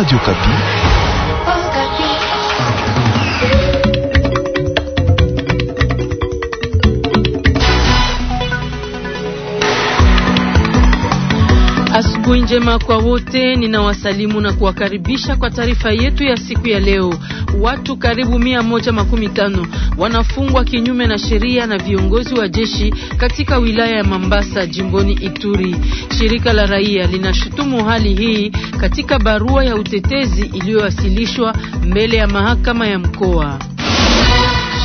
Radio Kapi. Asubuhi njema kwa wote, ninawasalimu na kuwakaribisha kwa taarifa yetu ya siku ya leo watu karibu mia moja makumi tano wanafungwa kinyume na sheria na viongozi wa jeshi katika wilaya ya Mambasa jimboni Ituri. Shirika la raia linashutumu hali hii katika barua ya utetezi iliyowasilishwa mbele ya mahakama ya mkoa.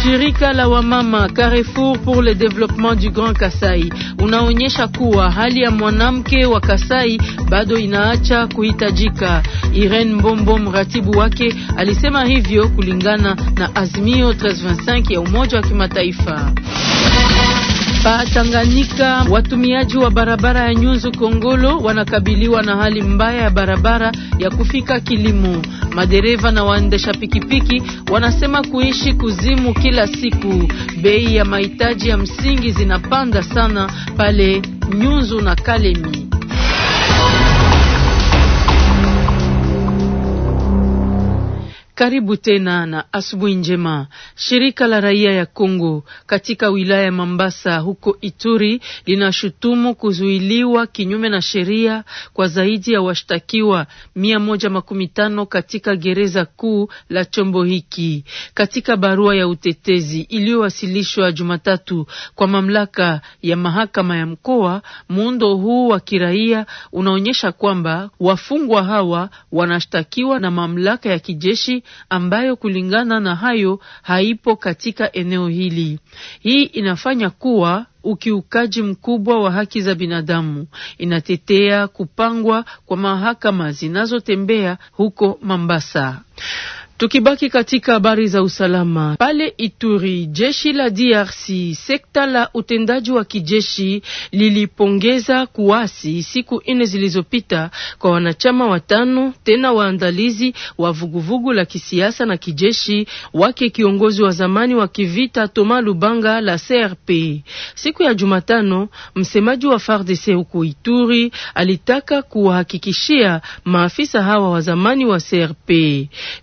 Shirika la wamama Carrefour pour le développement du Grand Kasai unaonyesha kuwa hali ya mwanamke wa Kasai bado inaacha kuhitajika. Irene Mbombo, mratibu wake, alisema hivyo kulingana na azimio 325 ya Umoja wa Kimataifa. Pa Tanganyika, watumiaji wa barabara ya Nyunzu Kongolo wanakabiliwa na hali mbaya ya barabara ya kufika Kilimo. Madereva na waendesha pikipiki wanasema kuishi kuzimu kila siku. Bei ya mahitaji ya msingi zinapanda sana pale Nyunzu na Kalemi. Karibu tena na asubuhi njema. Shirika la raia ya Kongo katika wilaya ya Mambasa huko Ituri linashutumu kuzuiliwa kinyume na sheria kwa zaidi ya washtakiwa mia moja makumi tano katika gereza kuu la chombo hiki. Katika barua ya utetezi iliyowasilishwa Jumatatu kwa mamlaka ya mahakama ya mkoa, muundo huu wa kiraia unaonyesha kwamba wafungwa hawa wanashtakiwa na mamlaka ya kijeshi ambayo kulingana na hayo haipo katika eneo hili. Hii inafanya kuwa ukiukaji mkubwa wa haki za binadamu. Inatetea kupangwa kwa mahakama zinazotembea huko Mambasa. Tukibaki katika habari za usalama pale Ituri, jeshi la DRC sekta la utendaji wa kijeshi lilipongeza kuasi siku nne zilizopita kwa wanachama watano tena waandalizi wa vuguvugu la kisiasa na kijeshi wake kiongozi wa zamani wa kivita Thomas Lubanga la CRP. Siku ya Jumatano, msemaji wa FARDC huko Ituri alitaka kuwahakikishia maafisa hawa wa zamani wa CRP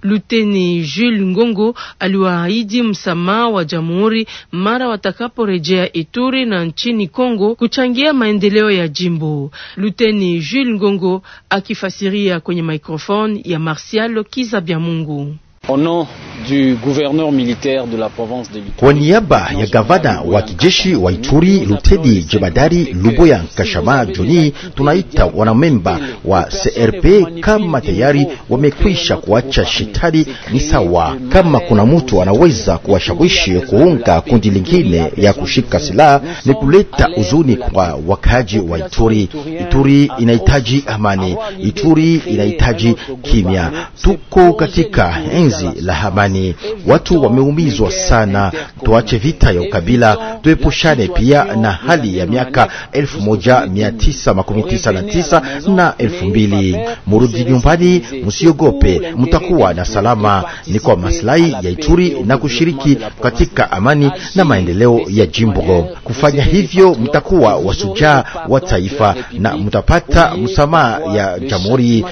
Lute Luteni Jules Ngongo aliwaahidi msamaha wa jamhuri mara watakaporejea Ituri na nchini Kongo kuchangia maendeleo ya jimbo. Luteni Jules Ngongo akifasiria kwenye mikrofoni ya Martial Kiza Bya Mungu. Kwa niaba ya gavana wa kijeshi wa Ituri Luteni Jemadari Luboya Nkashama Joni, tunaita wanamemba wa CRP kama tayari wamekwisha kuacha shetani. Ni sawa kama kuna mtu anaweza kuwashawishi kuunga kundi lingine ya kushika silaha, ni kuleta uzuni kwa wakaji wa Ituri. Ituri inahitaji amani, Ituri inahitaji kimya. Tuko katika enzi zoezi la amani. Watu wameumizwa sana, tuache vita ya ukabila, tuepushane pia na hali ya miaka 1999 na 2000. Murudi nyumbani, msiogope, mtakuwa na salama. Ni kwa maslahi ya Ituri na kushiriki katika amani na maendeleo ya jimbo. Kufanya hivyo, mtakuwa wasujaa wa taifa na mtapata msamaha ya jamhuri.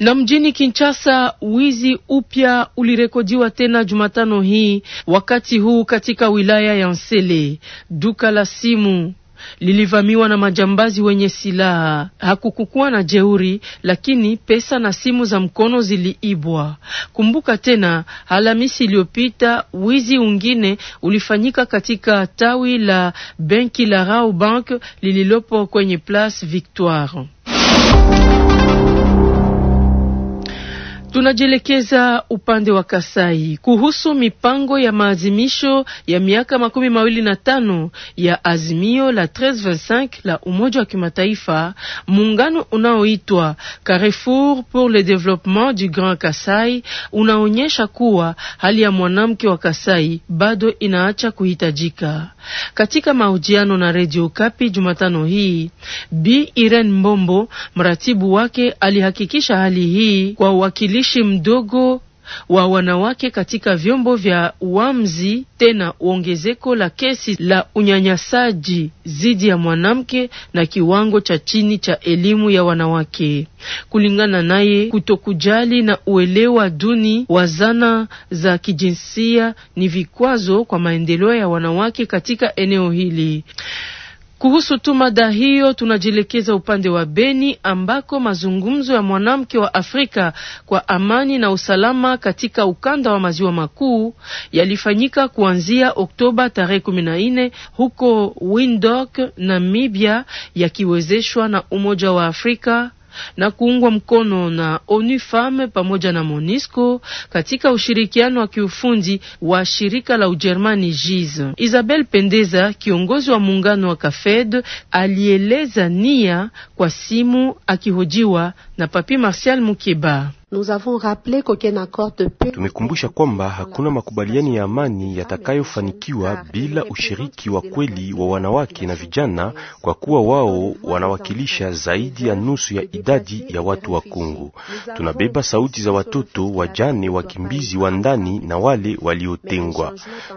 Na mjini Kinshasa Oui wizi upya ulirekodiwa tena Jumatano hii, wakati huu katika wilaya ya Nsele. Duka la simu lilivamiwa na majambazi wenye silaha. Hakukukuwa na jeuri, lakini pesa na simu za mkono ziliibwa. Kumbuka tena, Alhamisi iliyopita wizi ungine ulifanyika katika tawi la benki la Rao Bank lililopo kwenye Place Victoire. Tunajielekeza upande wa Kasai kuhusu mipango ya maadhimisho ya miaka makumi mawili na tano ya azimio la 1325 la Umoja wa Kimataifa, muungano unaoitwa Carrefour pour le développement du Grand Kasai unaonyesha kuwa hali ya mwanamke wa Kasai bado inaacha kuhitajika. Katika mahojiano na Radio Kapi Jumatano hii, Bi Irene Mbombo, mratibu wake, alihakikisha hali hii kwa uwakilishi ushawishi mdogo wa wanawake katika vyombo vya uamuzi, tena ongezeko la kesi la unyanyasaji dhidi ya mwanamke na kiwango cha chini cha elimu ya wanawake. Kulingana naye, kutokujali na uelewa duni wa zana za kijinsia ni vikwazo kwa maendeleo ya wanawake katika eneo hili. Kuhusu tu mada hiyo, tunajielekeza upande wa Beni ambako mazungumzo ya mwanamke wa Afrika kwa amani na usalama katika ukanda wa maziwa makuu yalifanyika kuanzia Oktoba tarehe nne huko Windhoek, Namibia, yakiwezeshwa na Umoja wa Afrika na kuungwa mkono na ONU Femme pamoja na MONUSCO katika ushirikiano wa kiufundi wa shirika la Ujerumani GIZ. Isabel Pendeza, kiongozi wa muungano wa CAFED, alieleza nia kwa simu akihojiwa na Papi Martial Mukeba. Tumekumbusha kwamba hakuna makubaliano ya amani yatakayofanikiwa bila ushiriki wa kweli wa wanawake na vijana, kwa kuwa wao wanawakilisha zaidi ya nusu ya idadi ya watu wa Kongo. Tunabeba sauti za watoto, wajane, wakimbizi wa ndani na wale waliotengwa.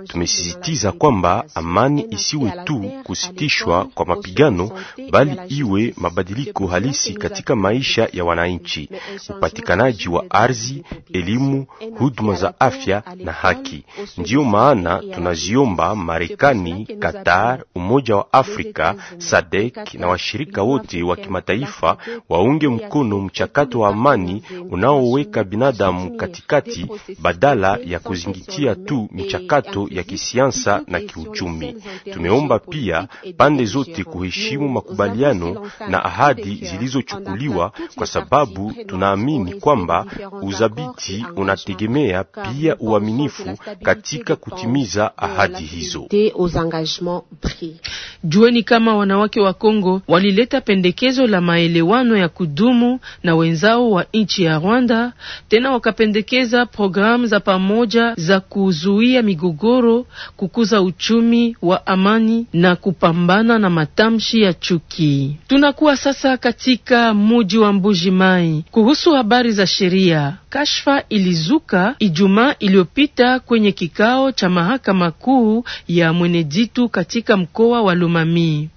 Tumesisitiza kwamba amani isiwe tu kusitishwa kwa mapigano, bali iwe mabadiliko halisi katika maisha ya wananchi. Upatikanaji ugawanyaji wa ardhi, elimu, huduma za afya na haki. Ndiyo maana tunaziomba Marekani, Qatar, Umoja wa Afrika, sadek na washirika wote wa kimataifa waunge mkono mchakato wa amani unaoweka binadamu katikati badala ya kuzingitia tu michakato ya kisiasa na kiuchumi. Tumeomba pia pande zote kuheshimu makubaliano na ahadi zilizochukuliwa kwa sababu tunaamini kwamba kwamba uzabiti unategemea pia uaminifu katika kutimiza ahadi hizo. Jueni kama wanawake wa Kongo walileta pendekezo la maelewano ya kudumu na wenzao wa nchi ya Rwanda, tena wakapendekeza programu za pamoja za kuzuia migogoro, kukuza uchumi wa amani na kupambana na matamshi ya chuki. Tunakuwa sasa katika muji wa Mbuji Mai kuhusu habari za sheria. Kashfa ilizuka Ijumaa iliyopita kwenye kikao cha mahakama kuu ya Mweneditu katika mkoa wa Lomami.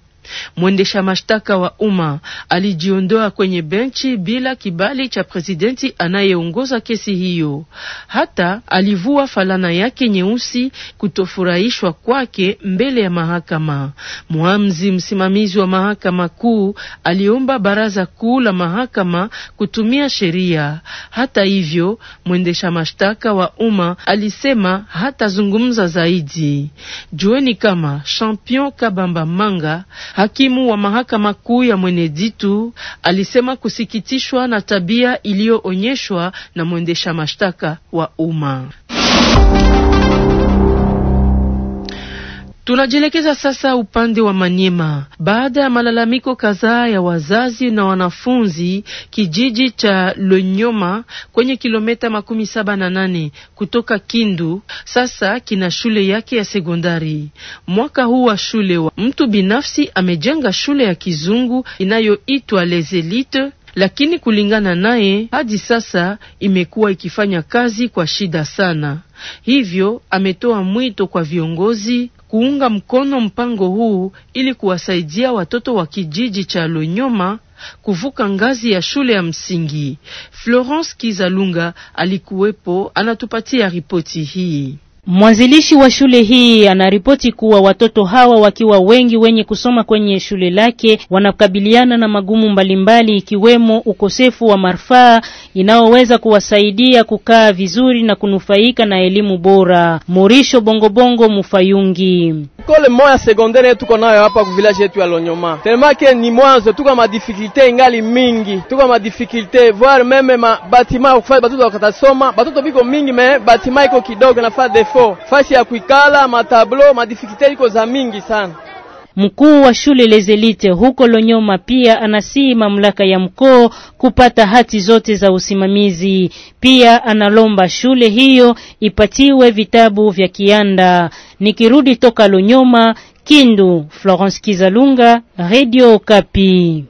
Mwendesha mashtaka wa umma alijiondoa kwenye benchi bila kibali cha presidenti anayeongoza kesi hiyo. Hata alivua falana yake nyeusi kutofurahishwa kwake mbele ya mahakama. Mwamzi msimamizi wa mahakama kuu aliomba baraza kuu la mahakama kutumia sheria. Hata hivyo, mwendesha mashtaka wa umma alisema hatazungumza zaidi. Jueni kama Champion Kabamba Manga Hakimu wa mahakama kuu ya Mweneditu alisema kusikitishwa na tabia iliyoonyeshwa na mwendesha mashtaka wa umma. Tunajielekeza sasa upande wa Manyema. Baada ya malalamiko kadhaa ya wazazi na wanafunzi, kijiji cha Lonyoma kwenye kilometa makumi saba na nane kutoka Kindu sasa kina shule yake ya sekondari. Mwaka huu wa shule wa mtu binafsi amejenga shule ya kizungu inayoitwa Les Elites lakini kulingana naye hadi sasa imekuwa ikifanya kazi kwa shida sana. Hivyo ametoa mwito kwa viongozi kuunga mkono mpango huu ili kuwasaidia watoto wa kijiji cha Lonyoma kuvuka ngazi ya shule ya msingi. Florence Kizalunga alikuwepo, anatupatia ripoti hii. Mwanzilishi wa shule hii anaripoti kuwa watoto hawa wakiwa wengi wenye kusoma kwenye shule lake wanakabiliana na magumu mbalimbali ikiwemo ukosefu wa marfaa inayoweza kuwasaidia kukaa vizuri na kunufaika na elimu bora. Morisho Bongobongo Mufayungi kole moya sekondere ye tuko nayo hapa ku village yetu ya Lonyoma telemake ni mwanzo, tuko ma difficulté ingali mingi, tuko ma difficulté voir même ma batima ukufa kufanya batoto wakatasoma, batoto biko mingi me batima iko kidogo nafaa iko fasi ya kuikala, matablo madifikite iko za mingi sana. Mkuu wa shule Lezelite huko Lonyoma pia anasii mamlaka ya mkoo kupata hati zote za usimamizi. Pia analomba shule hiyo ipatiwe vitabu vya kianda. Nikirudi toka Lonyoma, Kindu, Florence Kizalunga, Radio Kapi.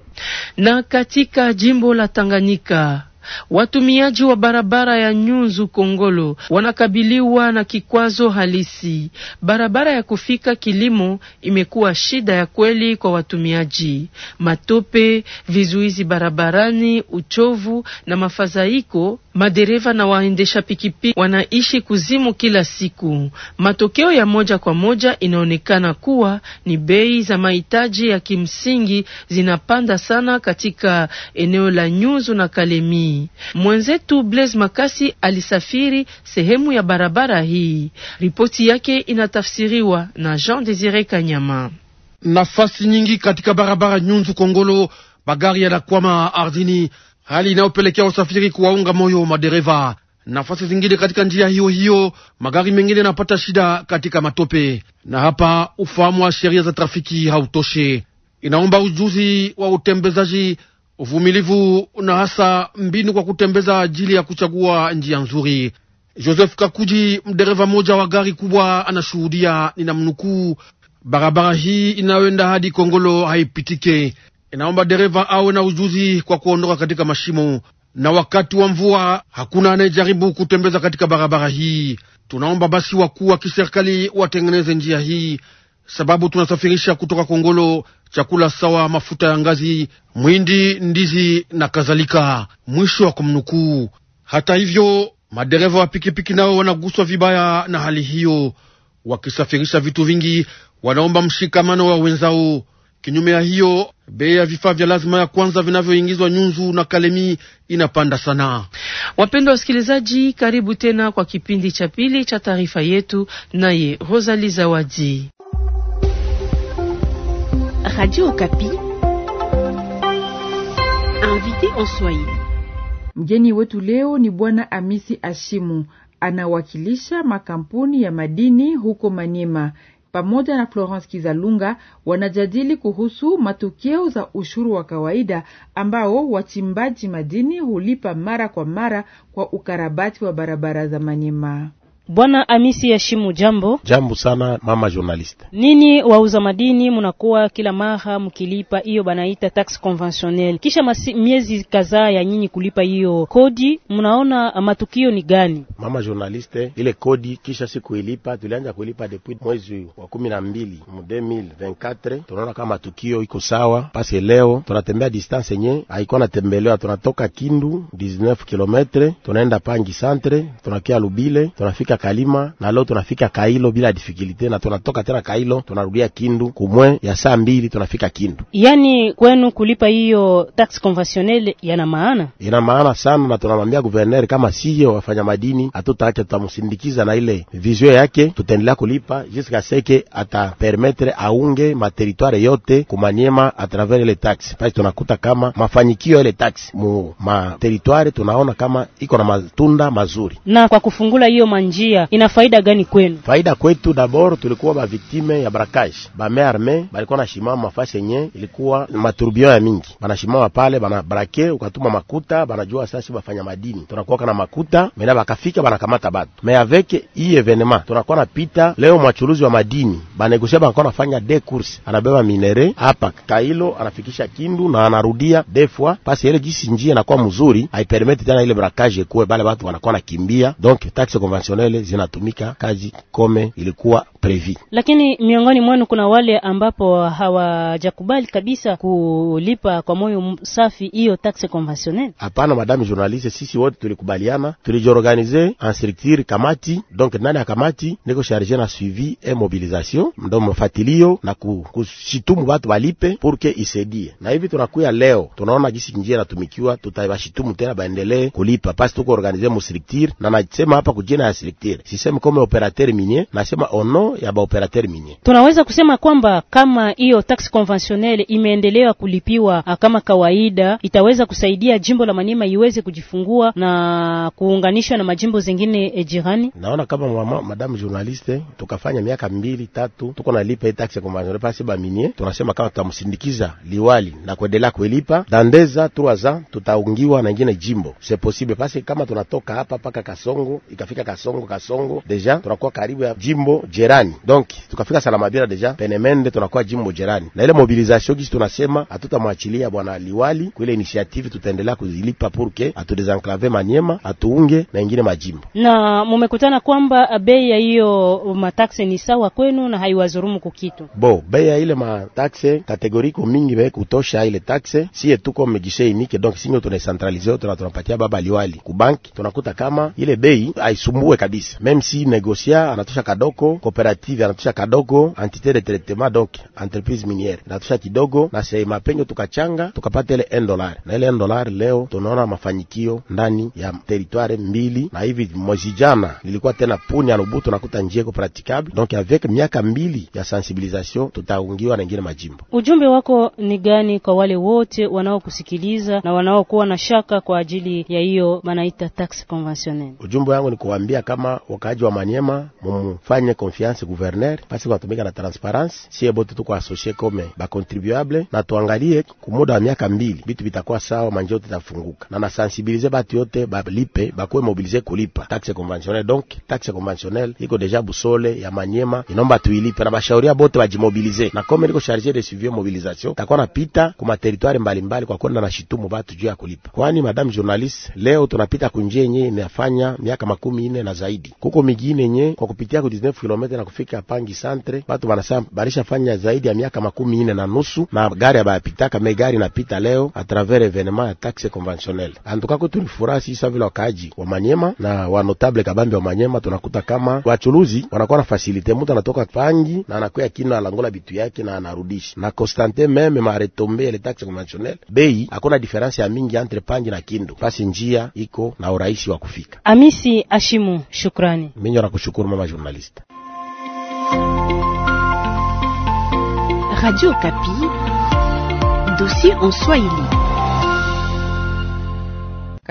Na katika jimbo la Tanganyika Watumiaji wa barabara ya Nyunzu Kongolo wanakabiliwa na kikwazo halisi. Barabara ya kufika kilimo imekuwa shida ya kweli kwa watumiaji. Matope, vizuizi barabarani, uchovu na mafadhaiko, madereva na waendesha pikipiki wanaishi kuzimu kila siku. Matokeo ya moja kwa moja inaonekana kuwa ni bei za mahitaji ya kimsingi zinapanda sana katika eneo la Nyunzu na Kalemi kijamii. Mwenzetu Blaise Makasi alisafiri sehemu ya barabara hii. Ripoti yake inatafsiriwa na Jean Desire Kanyama. Nafasi nyingi katika barabara Nyunzu Kongolo, magari yanakwama ardhini, hali inayopelekea usafiri kuwaunga moyo madereva. Nafasi zingine katika njia hiyo hiyo, magari mengine yanapata shida katika matope, na hapa ufahamu wa sheria za trafiki hautoshi. Inaomba ujuzi wa utembezaji uvumilivu na hasa mbinu kwa kutembeza ajili ya kuchagua njia nzuri. Joseph Kakuji, mdereva mmoja wa gari kubwa, anashuhudia, ninamnukuu, barabara hii inayoenda hadi Kongolo haipitike. Inaomba dereva awe na ujuzi kwa kuondoka katika mashimo, na wakati wa mvua hakuna anayejaribu kutembeza katika barabara hii. Tunaomba basi wakuu wa kiserikali watengeneze njia hii sababu tunasafirisha kutoka Kongolo chakula sawa, mafuta ya ngazi, mwindi, ndizi na kadhalika. Mwisho wa kumnukuu. Hata hivyo, madereva wa pikipiki nao wanaguswa vibaya na hali hiyo. Wakisafirisha vitu vingi, wanaomba mshikamano wa wenzao. Kinyume ya hiyo, bei ya vifaa vya lazima ya kwanza vinavyoingizwa Nyunzu na Kalemi inapanda sana. Wapendwa wasikilizaji, karibu tena kwa kipindi cha pili cha taarifa yetu, naye rosali Zawadi. Radio Okapi. Invité en soi. Mgeni wetu leo ni Bwana Amisi Ashimu, anawakilisha makampuni ya madini huko Maniema. Pamoja na Florence Kizalunga wanajadili kuhusu matokeo za ushuru wa kawaida ambao wachimbaji madini hulipa mara kwa mara kwa ukarabati wa barabara za Maniema. Bwana Amisi Yashimu, jambo. Jambo sana mama journalist. Nini wauza madini munakuwa kila mara mkilipa hiyo banaita tax conventionnel, kisha masi, miezi kadhaa ya nyinyi kulipa hiyo kodi, munaona matukio ni gani? Mama journaliste, ile kodi kisha siku ilipa, tulianza kuilipa depuis mwezi wa kumi na mbili mu 2024 tunaona kama matukio iko sawa, pasi. leo tunatembea distance yenye haikuwa natembelewa, tunatoka Kindu 19 km tunaenda Pangi centre, tunakia Lubile tunafika tunafika Kalima na leo tunafika Kailo bila difikilite, na tunatoka tena Kailo tunarudia Kindu kumwe ya saa mbili tunafika Kindu. Yani kwenu kulipa hiyo taxe conventionnelle yana maana, ina maana sana, na tunamwambia guverner kama siyo wafanya madini hatutaacha, tutamsindikiza na ile vizio yake, tutaendelea kulipa jusqu'a seke atapermetre aunge materitware yote kumanyema atravers le taxe, basi tunakuta kama mafanyikio ile tax mu materitware tunaona kama iko na matunda mazuri na kwa kufungula hiyo manji njia ina faida gani kwenu? Faida kwetu, dabord tulikuwa ba victime ya brakage, ba main arme balikuwa na shimama mafasi yenye ilikuwa maturbio ya mingi, banashimama pale bana brake, ukatuma makuta, banajua sasa bafanya madini, tunakuwa na makuta mena, bakafika banakamata batu me avec i evenement tunakuwa na pita leo, mwachuruzi wa madini banegosia banakuwa nafanya de course, anabeba minere hapa Kailo anafikisha Kindu na anarudia de fois pasi ile jisi njia inakuwa mzuri, haipermete tena ile brakage kuwe bale batu wanakuwa nakimbia, donc taxe conventionnelle pale zinatumika kazi kome ilikuwa previ. Lakini miongoni mwenu kuna wale ambapo hawajakubali kabisa kulipa kwa moyo safi hiyo taxe conventionnelle. Hapana, madame journaliste, sisi wote tulikubaliana, tulijiorganize en structure kamati, donc ndani ya kamati niko charge na suivi e mobilisation, ndo mafatilio na kushitumu watu walipe purke isaidie. Na hivi tunakuya leo tunaona jinsi njia inatumikiwa, tutawashitumu tena baendelee kulipa pasi, tuko organize mu structure na nasema hapa kujina ya structure operateur, sisemi kome operateur minier, nasema ono ya ba operateur minier. Tunaweza kusema kwamba kama hiyo taxe conventionnelle imeendelewa kulipiwa ah, kama kawaida, itaweza kusaidia jimbo la manima iweze kujifungua na kuunganishwa na majimbo zingine eh, jirani. Naona kama mama, madame journaliste, tukafanya miaka mbili tatu tuko nalipa hii taxe conventionnelle pasi ba minier, tunasema kama tutamsindikiza liwali na kuendelea kuelipa dandeza tuaza tutaungiwa na ingine jimbo. C'est possible pasi kama tunatoka hapa paka Kasongo ikafika Kasongo Kasongo deja tunakuwa karibu ya jimbo jerani, donc tukafika bila deja penemende tunakuwa jimbo jerani, na ile mobilisation kisi tunasema hatutamwachilia bwana liwali kwa ile initiative, tutaendelea kuzilipa purke atudesenklave Manyema atuunge na ingine majimbo. Na mumekutana kwamba bei ya hiyo mataxe ni sawa kwenu na haiwazurumu kukitu bo bei ya ile mataxe kategoriko mingi be kutosha ile taxe, siye tuko mejishe inike, donc singo tunacentralize tuna tunapatia baba liwali ku bank tunakuta kama ile bei aisumbue kabisa kabisa, meme si negosia anatosha kadoko, kooperative anatosha kadogo, entité de traitement donc entreprise miniere inatosha kidogo, na sehemu pengo tukachanga tukapata ile 1 dollar na ile 1 dollar leo tunaona mafanikio ndani ya territoire mbili, na hivi mwezi jana nilikuwa tena puni ya Lubutu nakuta njia iko praticable, donc avec miaka mbili ya sensibilisation tutaungiwa na ngine majimbo. Ujumbe wako ni gani kwa wale wote wanaokusikiliza na wanaokuwa na shaka kwa ajili ya hiyo manaita taxe conventionnelle? Ujumbe wangu ni kuambia kama wakaji wa manyema mumufanye konfiance guverner, pasi kunatumika na transparansi. siye bote tuko asoshe kome bakontribuable, na tuangalie muda wa miaka mbili bitu bitakuwa sawa, manje yote tafunguka, na nasensibilize batu yote balipe, bakuwe mobilize kulipa taxe conventionnelle. Donc taxe conventionnelle iko deja busole ya manyema inomba tuilipe, na bashauria bote bajimobilize, na kome niko charge de suivi mobilisation, takuwa napita kuma territoire mbalimbali kwa kwenda na shitumu batu juu ya kulipa, kwani madame journaliste, leo tunapita kunjia yenye inafanya miaka makumi ine na zaidi zaidi. Kuko mijini nye kwa kupitia ku 19 km na kufika Pangi Centre, watu wanasema fanya zaidi ya miaka makumi ine na nusu na gari abayapitaka me gari napita leo a travers evenement ya taxe conventionnelle. Antuka kwetu ni furaha sisi vile wakaaji wa Manyema na wa notable kabambi wa Manyema, tunakuta kama wachuluzi wanakuwa na fasilite, mtu anatoka Pangi na anakuya kino alangola bitu yake na anarudisha na constante meme maretombe ele taxe conventionnelle bei, hakuna diferansi ya mingi entre Pangi na Kindu, basi njia iko na urahisi wa kufika. Amisi Ashimu Shukrani. Mimi nakushukuru mama journalist. Radio Kapi, dossier en Swahili.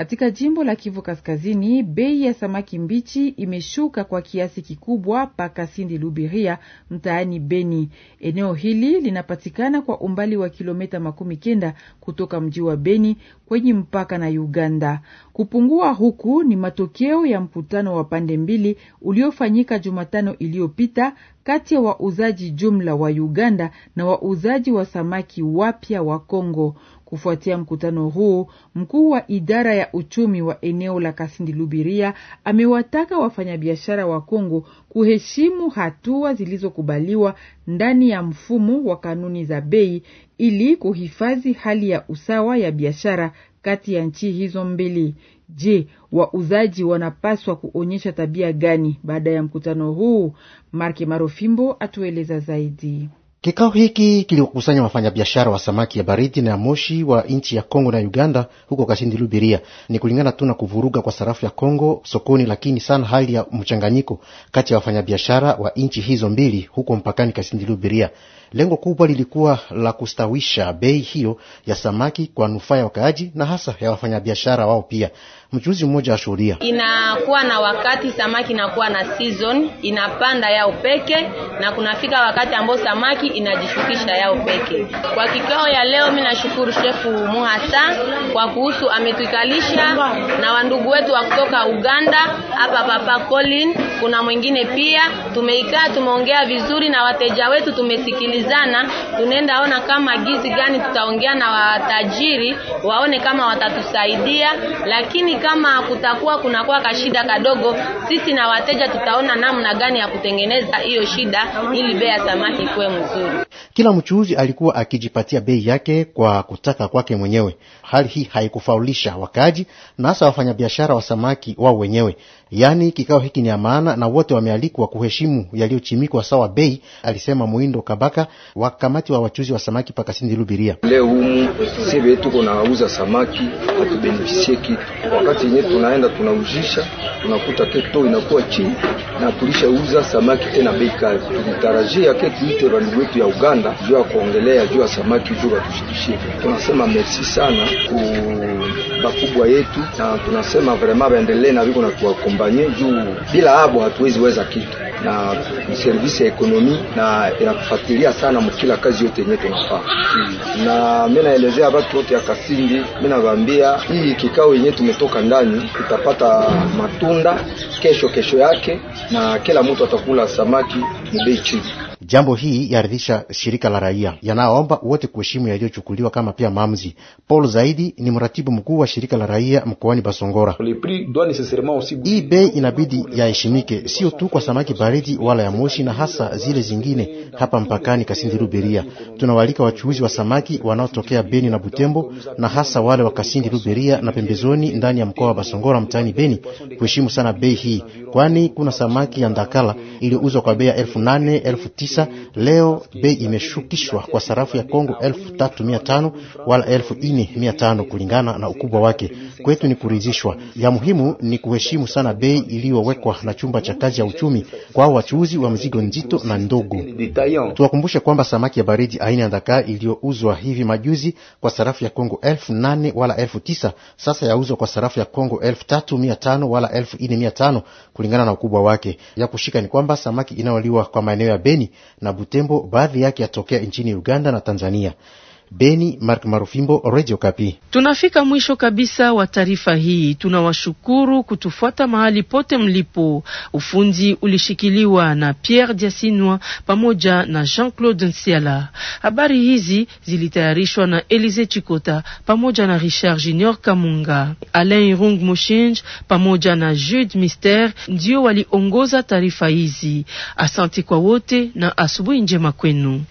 Katika jimbo la Kivu Kaskazini, bei ya samaki mbichi imeshuka kwa kiasi kikubwa paka Sindi Lubiria mtaani Beni. Eneo hili linapatikana kwa umbali wa kilomita makumi kenda kutoka mji wa Beni kwenye mpaka na Uganda. Kupungua huku ni matokeo ya mkutano wa pande mbili uliofanyika Jumatano iliyopita kati ya wauzaji jumla wa Uganda na wauzaji wa samaki wapya wa Kongo. Kufuatia mkutano huu, mkuu wa idara ya uchumi wa eneo la Kasindi Lubiria amewataka wafanyabiashara wa Kongo kuheshimu hatua zilizokubaliwa ndani ya mfumo wa kanuni za bei ili kuhifadhi hali ya usawa ya biashara kati ya nchi hizo mbili. Je, wauzaji wanapaswa kuonyesha tabia gani baada ya mkutano huu? Marke Marofimbo atueleza zaidi. Kikao hiki kiliwakusanya wafanyabiashara wa samaki ya baridi na ya moshi wa nchi ya Kongo na Uganda huko Kasindi Lubiria. Ni kulingana tu na kuvuruga kwa sarafu ya Kongo sokoni, lakini sana hali ya mchanganyiko kati ya wafanyabiashara wa nchi hizo mbili huko mpakani Kasindi Lubiria. Lengo kubwa lilikuwa la kustawisha bei hiyo ya samaki kwa nufaa ya wakaaji na hasa ya wafanyabiashara wao. Pia mchuuzi mmoja ashuhudia, inakuwa na wakati samaki inakuwa na season inapanda yao peke, na kunafika wakati ambao samaki inajishukisha yao peke. Kwa kikao ya leo, mimi nashukuru Shefu Muhasa kwa kuhusu ametuikalisha na wandugu wetu wa kutoka Uganda hapa, Papa Colin, kuna mwingine pia. Tumeikaa tumeongea vizuri na wateja wetu, tumesikilizana. Tunaenda ona kama gizi gani tutaongea na watajiri waone kama watatusaidia, lakini kama kutakuwa kunakuwa kashida kadogo, sisi na wateja tutaona namna gani ya kutengeneza hiyo shida ili bei ya samaki kuwe mzuri. Kila mchuuzi alikuwa akijipatia bei yake kwa kutaka kwake mwenyewe. Hali hii haikufaulisha wakaji na hasa wafanyabiashara wa samaki wao wenyewe. Yaani, kikao hiki ni ya maana na wote wamealikwa kuheshimu yaliyochimikwa sawa bei, alisema Muindo Kabaka wa kamati wa wachuzi wa samaki Pakasindi Lubiria. Leo humu sebe yetu kunauza samaki, hatubenefisie kitu. Wakati yenyewe tunaenda tunauzisha tunakuta keto inakuwa chini na tulishauza samaki tena bei kali. Tulitarajia ketu ite bandu wetu ya Uganda kupanda, juu ya kuongelea, juu ya samaki, juu watushikishie. Tunasema merci sana ku bakubwa yetu, na tunasema vraiment baendelee na viko na tuwakombanye, juu bila abo hatuwezi weza kitu, na service ya ekonomi na inakufuatilia sana mkila kazi yote yenye tunafanya Na mimi naelezea watu wote ya Kasindi, mimi nawaambia hii kikao yenye tumetoka ndani, tutapata matunda kesho kesho yake, na kila mtu atakula samaki mbei chini. Jambo hii yaridhisha shirika la raia, yanaomba wote kuheshimu yaliyochukuliwa kama pia mamzi. Paul Zaidi ni mratibu mkuu wa shirika la raia mkoani Basongora. Hii bei inabidi yaheshimike, sio tu kwa samaki baridi wala ya moshi, na hasa zile zingine hapa mpakani Kasindi Luberia. Tunawaalika wachuuzi wa samaki wanaotokea Beni na Butembo, na hasa wale wa Kasindi Luberia na pembezoni ndani ya mkoa wa Basongora mtaani Beni kuheshimu sana bei hii, kwani kuna samaki ya ndakala iliyouzwa kwa bei ya elfu nane elfu tisa kabisa. Leo bei imeshukishwa kwa sarafu ya Kongo elfu tatu mia tano wala elfu nne mia tano kulingana na ukubwa wake. Kwetu ni kuridhishwa. Ya muhimu ni kuheshimu sana bei iliyowekwa na chumba cha kazi ya uchumi kwa wachuuzi wa mzigo nzito na ndogo. Tuwakumbushe kwamba samaki ya baridi aina ya dakaa iliyouzwa hivi majuzi kwa sarafu ya Kongo elfu nane wala elfu tisa sasa yauzwa kwa sarafu ya Kongo elfu tatu mia tano wala elfu nne mia tano kulingana na ukubwa wake. Ya kushika ni kwamba samaki inayoliwa kwa maeneo ya Beni na Butembo, baadhi yake yatokea nchini Uganda na Tanzania. Beni, Mark Marufimbo, Radio Kapi. Tunafika mwisho kabisa wa taarifa hii. Tunawashukuru kutufuata mahali pote mlipo. Ufundi ulishikiliwa na Pierre Diasinwa pamoja na Jean-Claude Nsiala. Habari hizi zilitayarishwa na Elize Chikota pamoja na Richard Junior Kamunga. Alain Rung Moshinj pamoja na Jude Mister ndio waliongoza taarifa hizi. Asante kwa wote na asubuhi njema kwenu.